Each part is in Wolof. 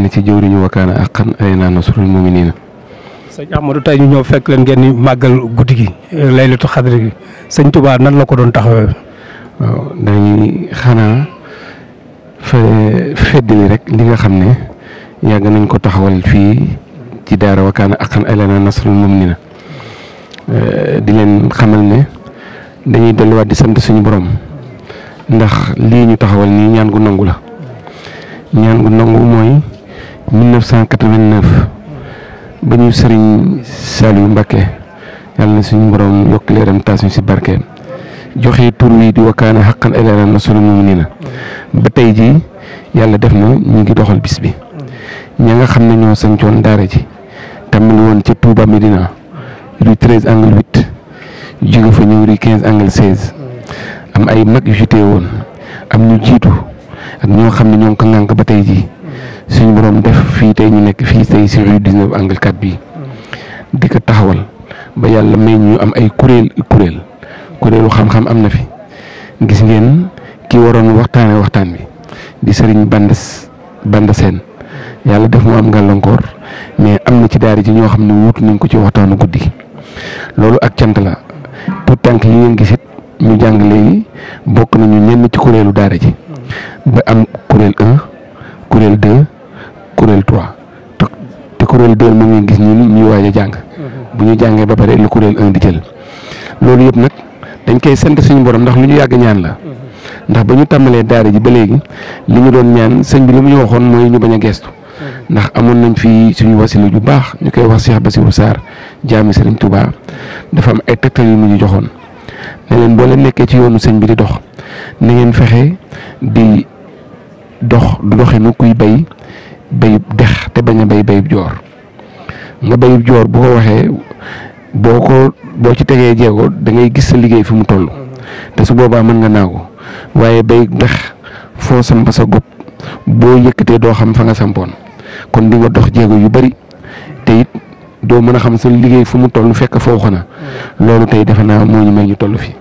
na ci jëwriñu ñu ak xan ayna nasrul muminina señ Amadou tay ñu ñoo fekk leen ngeen magal guddi gi laylatu khadri gi señ Touba nan la ko doon taxawee. dañ xana fa fedd ni rek li nga xam yag nañ ko taxawal fi ci daara wakkaana ak ayna nasrul muminina di leen xamal ne dañuy wat di sant suñu borom ndax li ñu taxawal ni ñaan gu nangula ñaan gu nangu moy 1989 ba ñu sëriñ Saliou Mbacké yàlla na suñu borom yokk leeram taas ñu si barke joxe tur wi di wakana xaqan eleeram na solo moom nii na ba tey ji yàlla def na ñu ngi doxal bis bi ña nga xam ne ñoo sancoon daara ji tàmbali woon ca Touba Medina rue 13 angle 8 jóge fa ñëw rue 15 angle 16 am ay mag am ñu jiitu ak ñoo xam ñoo ko ba ji suñu borom def fii tey ñu nekk fii tey si rue 19 angle 4 di ko taxawal ba yàlla may ñu am ay kuréel kuréel kuréelu xam-xam am na fi gis ngeen ki waroon waxtaane waxtaan bi di sëriñ bandes bande seen yàlla def mu am gàllankoor mais am na ci daari ji ñoo xam ne wuutu nañ ko ci waxtaanu guddi loolu ak cant la tout tànk yi ngeen gisit ñu jàng léegi bokk nañu ñenn ci kuréelu daara ji ba am kuréel 1 kuréel 2 kurel 3 te kurel 2 moom ngeen gis ni ni waaj a jàng mhm. bu ñu jàngee ba pare kurel kuréel 1 di jël loolu yëpp nag dañ koy sant suñu borom ndax lu ñu yàgg ñaan la mhm. ndax ba ñu daara ji ba léegi li ñu doon ñaan sëñ bi lu mu ñu waxoon mooy ñu bañ gestu mhm. ndax amoon nañ fi suñu wasila ju baax ñu wasi wax Cheikh wasar, Sarr jaami Serigne Touba dafa am ay yu ñu joxoon ne leen boo leen nekkee ci yoonu sëñ bi di doh ni ngeen kui di dox du kuy bay bayub dex te bañ a bay bayub joor nga bayub joor bu ko waxee boo ko boo ci tegee jéego da ngay gis sa liggéey fi mu toll te su boobaa mën nga naagu waaye bayub dex foo samp sa gopp boo yëkkatee doo xam fa nga sampoon kon di dox jéego yu bari te it doo mën a xam sa liggéey fu mu toll fekk foofu na mm. loolu tey defe naa moo ñu may ñu toll fi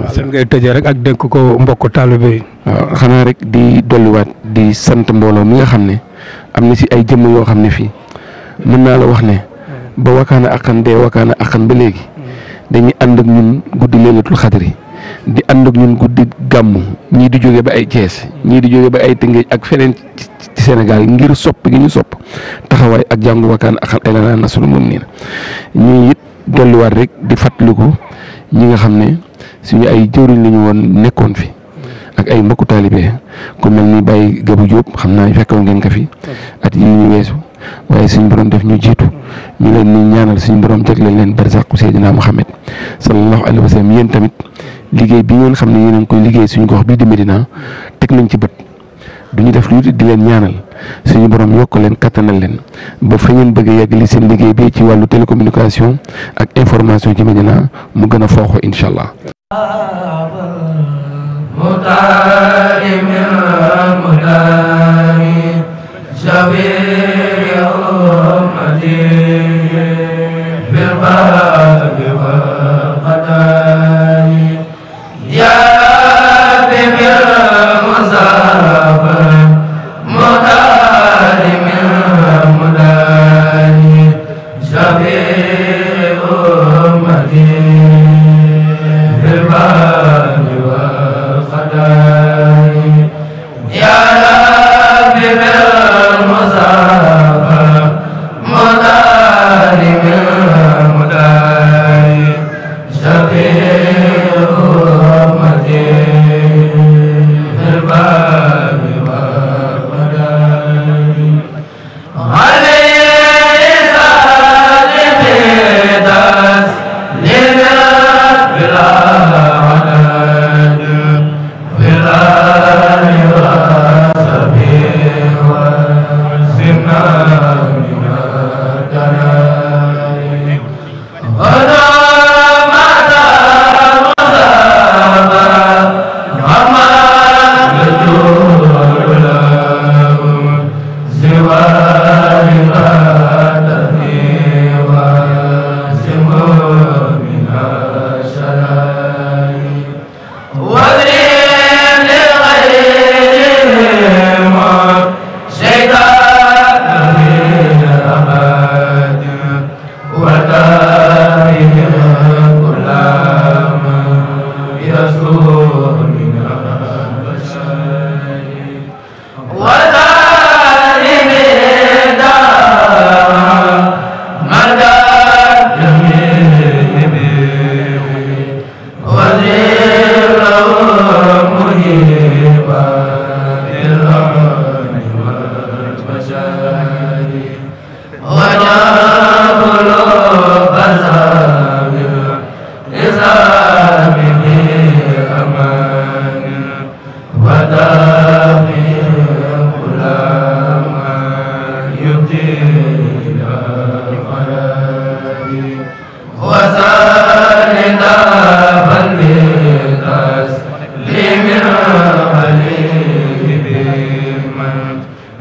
lan ngay tëjee rek ak dénk ko mbok taalibe yi xanaa rek di dolliwaat di sant mbooloo mi nga xam ne am na si ay jëmm yoo xam ne fii mën naa la wax ne ba wakaana aqan dee wakaana aqan ba léegi dañuy ànd ak ñun guddi leelatul xadri di ànd ak ñun guddi gàmmu ñii di jóge ba ay Thiès ñii di jóge ba ay Tëngéej ak feneen ci Sénégal ngir sopp gi ñu sopp taxawaay ak jàngu wakaan ak ay la naa nasulu moom nii na ñuy it dolliwaat rek di fàttaliku ñi nga xam ne suñu ay jëwriñ la woon nekkoon fi ak ay mbokku taalibe ko mel ni Baye Gabu Diop xam naa fekkoon ngeen ko fi at yi ñu weesu waaye suñu borom def ñu jiitu ñu leen ñu ñaanal suñu borom jagleel leen barzaqu Seydina Muhammad sallallahu alayhi wa sallam yéen tamit liggéey bi ngeen xam ne yéen a ngi koy liggéey suñu gox bii di Medina teg nañ ci bët du ñu def lu di leen ñaanal suñu borom yokk leen kattanal leen ba fa ngeen bëgg a yegg li seen liggéey bi ci wàllu télécommunication ak information ci Medina mu gën a fooxo incha allah. مطائم المدام شبير يوم الدين بالبر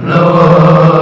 Lord.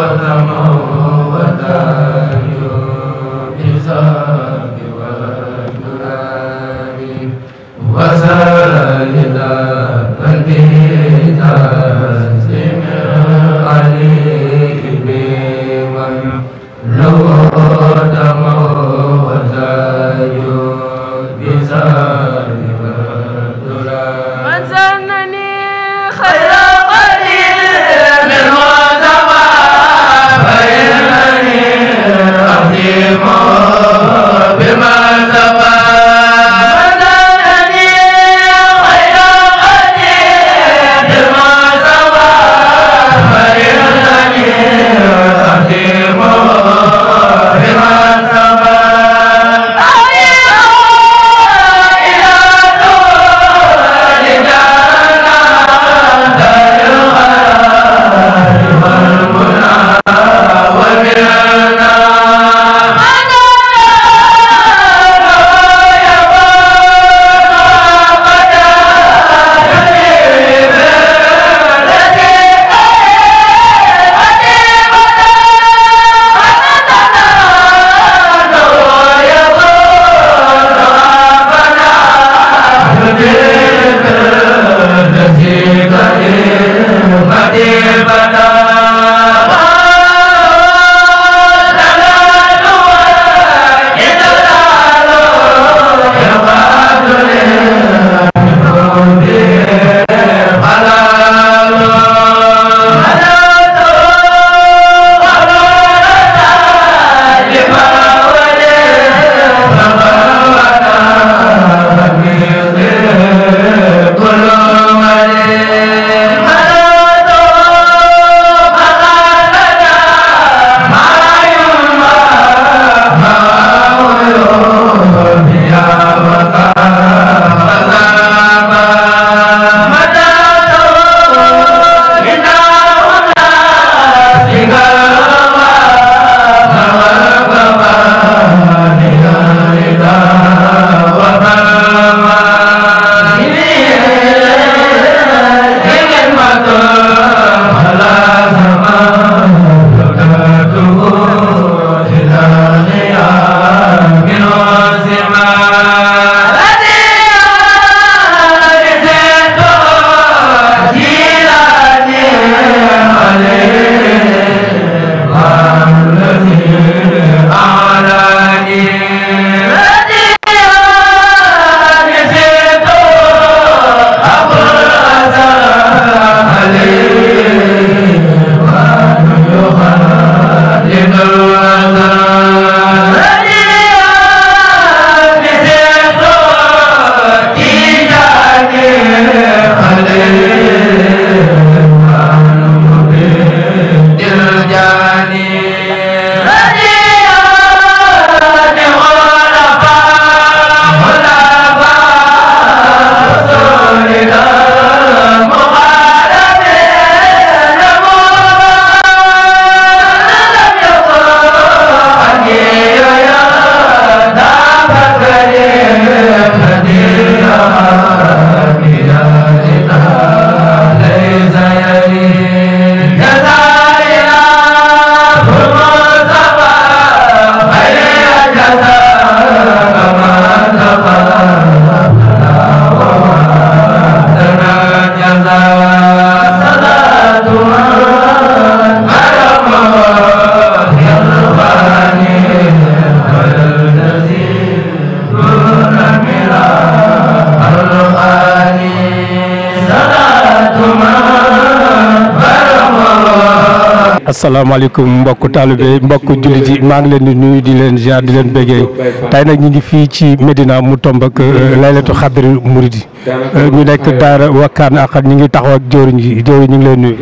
asalaamaaleykum mbokku taalibe mbokku jullit yi maa ngi leen di nuyu di leen ziar di leen béggee tey nag ñu ngi fii ci Medina mu tomb ak euh, laylatu xadri muridi euh, ñu nekk daara wakkaan ak ñu ngi taxaw ak jóori yi jëwriñ ñu ngi leen nuyu.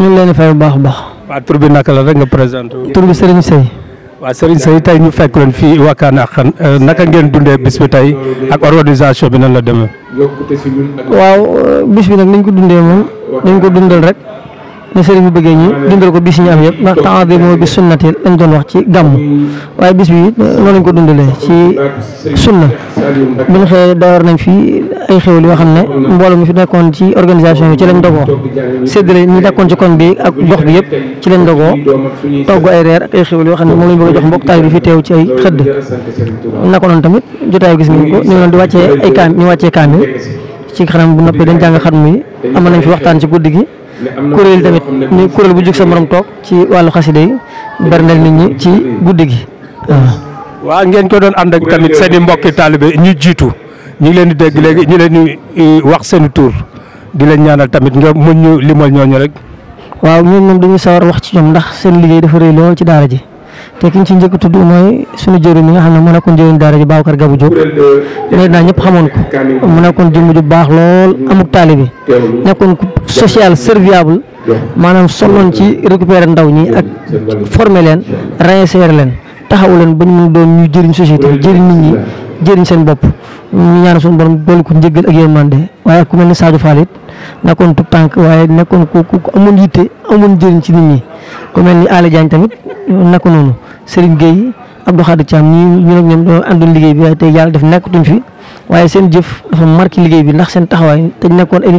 ñu ngi leen di baax a baax. waa tur naka la rek nga présenté. tur bi Serigne Seye. waaw Serigne tey ñu fekk leen fii wakkaan ak euh, naka ngeen dundee bis bi tey ak organisation bi nan la demee. waaw bis bi nag niñ ko dundee moom niñ ko dundal rek. ne sëriñ bi bëggee ñu dundal ko bis yi ñu am yëpp ndax temps bi mooy bis sunnati lañ doon wax ci gàmm waaye bis bi noonu lañ ko dundalee ci sunna bi ñu xëyee door nañ fi ay xéwal yoo xam ne mbooloo mi fi nekkoon ci organisation yi ci lañ dogoo séddale ñi nekkoon ci koñ bi ak gox bi yëpp ci lañ dogoo togg ay reer ak ay xam ne moom lañ bëgg a jox mbokk taay bi fi teew ci ay xëdd naka noonu tamit jotaayu gis ngeen ko ñu di wàccee ay ñu wàccee kaamil ci xanam bu noppee dañ jàng xat muy amoon nañ fi waxtaan ci guddi gi kuréel tamit ni kuréel bu jóg sa morom toog ci wàllu xasida yi berndeel nit ñi ci guddi gi waaw ngeen ko doon ànd ak tamit seen i mbokki taalibe ñu jiitu ñu ngi leen di dégg léegi ñu leen di eh, wax seen tur di leen ñaanal tamit nga mën ñu limal ñooñu rek waaw ñun moom dañuy sawar wax ci ñoom ndax seen liggéey dafa rëy lool ci daara ji te ki ñu ci njëkk tudd mooy suñu jëriñ mi nga xam ne mu nekkoon jëriñ daara ji Babacar Gabou Diop mais naa ñëpp xamoon ko mu nekkoon jëmm ju baax lool mm. amuk taalibe nekkoon social serviable maanaam soloon ci récupérer ndaw ñi ak former leen réinsérer leen taxawu leen ba ñu mën doon ñu jëriñ société jëriñ nit ñi jëriñ seen bopp ñu ñaanal suñu borom dolli ko njëggal ak yërmande waaye ku mel ne Sadio Fall it nekkoon tout tànk waaye nekkoon ku ku amoon yitte amoon jëriñ ci nit ñi ku mel ni Aly tamit nekkoon noonu Serigne Gueye Abdou Khadir Thiam ñii ñun ak ñoom dañoo fi waaye seen jëf dafa marqué liggéey bi ndax seen taxawaay te nekkoon ne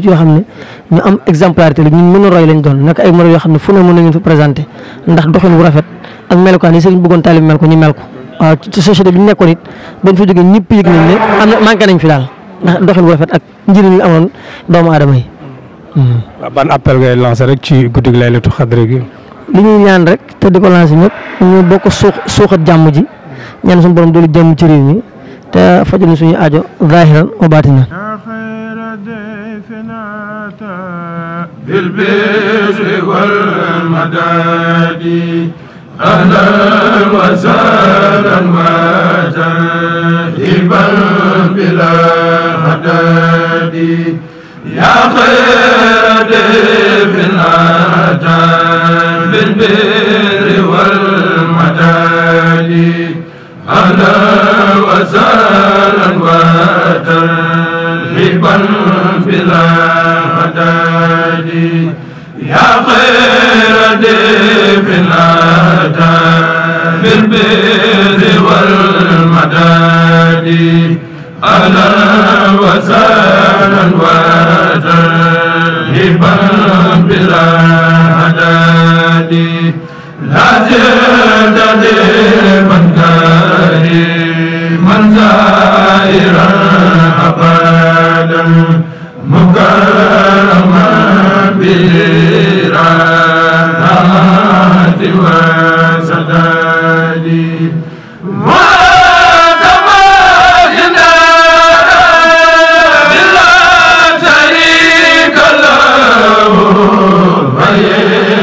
ñu am exemplarité la a roy lañ doon nekk ay moroom yoo xam ne fu ne mën nañu fa présenté ndax doxin bu rafet ak melukaan yi Serigne bëggoon taalib mel ko ñu mel ko waaw ah, ci société bi ñu nekkoon it bañ fa jógee ñëpp yëg nañ ne am na manqué nañ fi daal ndax doxin bu rafet ak njëriñ ñu amoon doomu aadama yi. Hmm. ban appel ngay lancé rek ci guddi laylatu xadre gi. li ñuy ñaan rek te di ko lancé ñëpp ñu bokk suux suuxat jàmm ji ñaan suñu borom doolu jàmm ci réew mi te fajal suñu aajo zahiran wa baatinan. بالبر والمداد أنا وزانا وجاهبا بلا حداد يا خير ضيف أتى بالبر والمداد أنا وزانا وجاهبا بلا حداد يا خير بالبر والمداد أهلا وسهلا وسهلا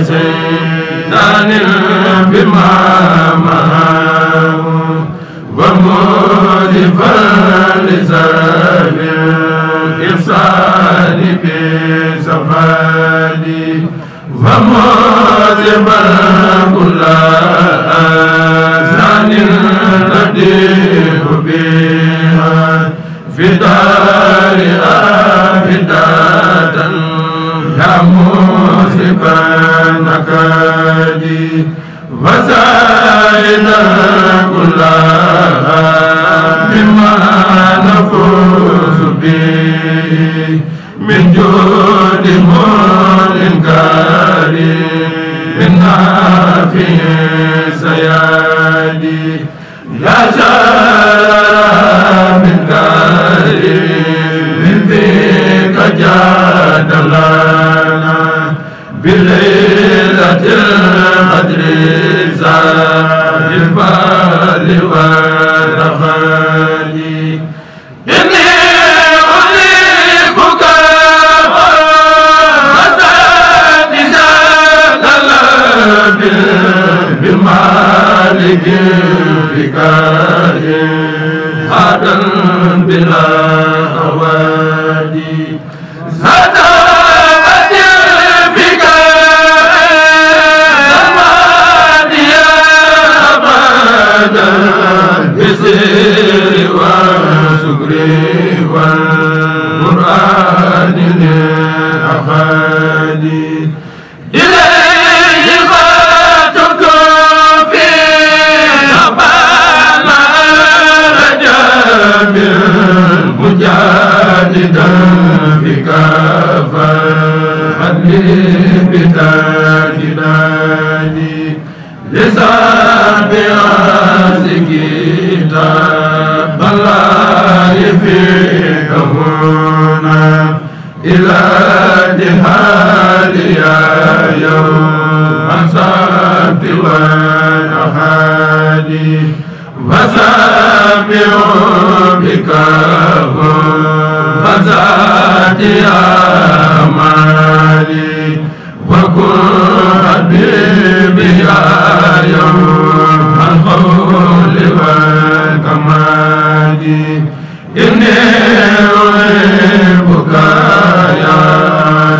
وزيدان بمامه وموجبا لزام إفسان بزفاني وموجبا ربي من جود منكر من نافع سيادي لا شر من كريم من ذيك جاد لنا بليلة القدر زاد الفال والفال بك هم فزاد مالي وكن حبيبي يا يوم الخول والكمال إني أحبك يا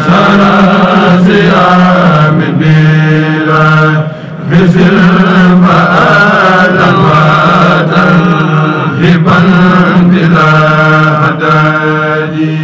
شرس يا من بلا حبا بلا هدادي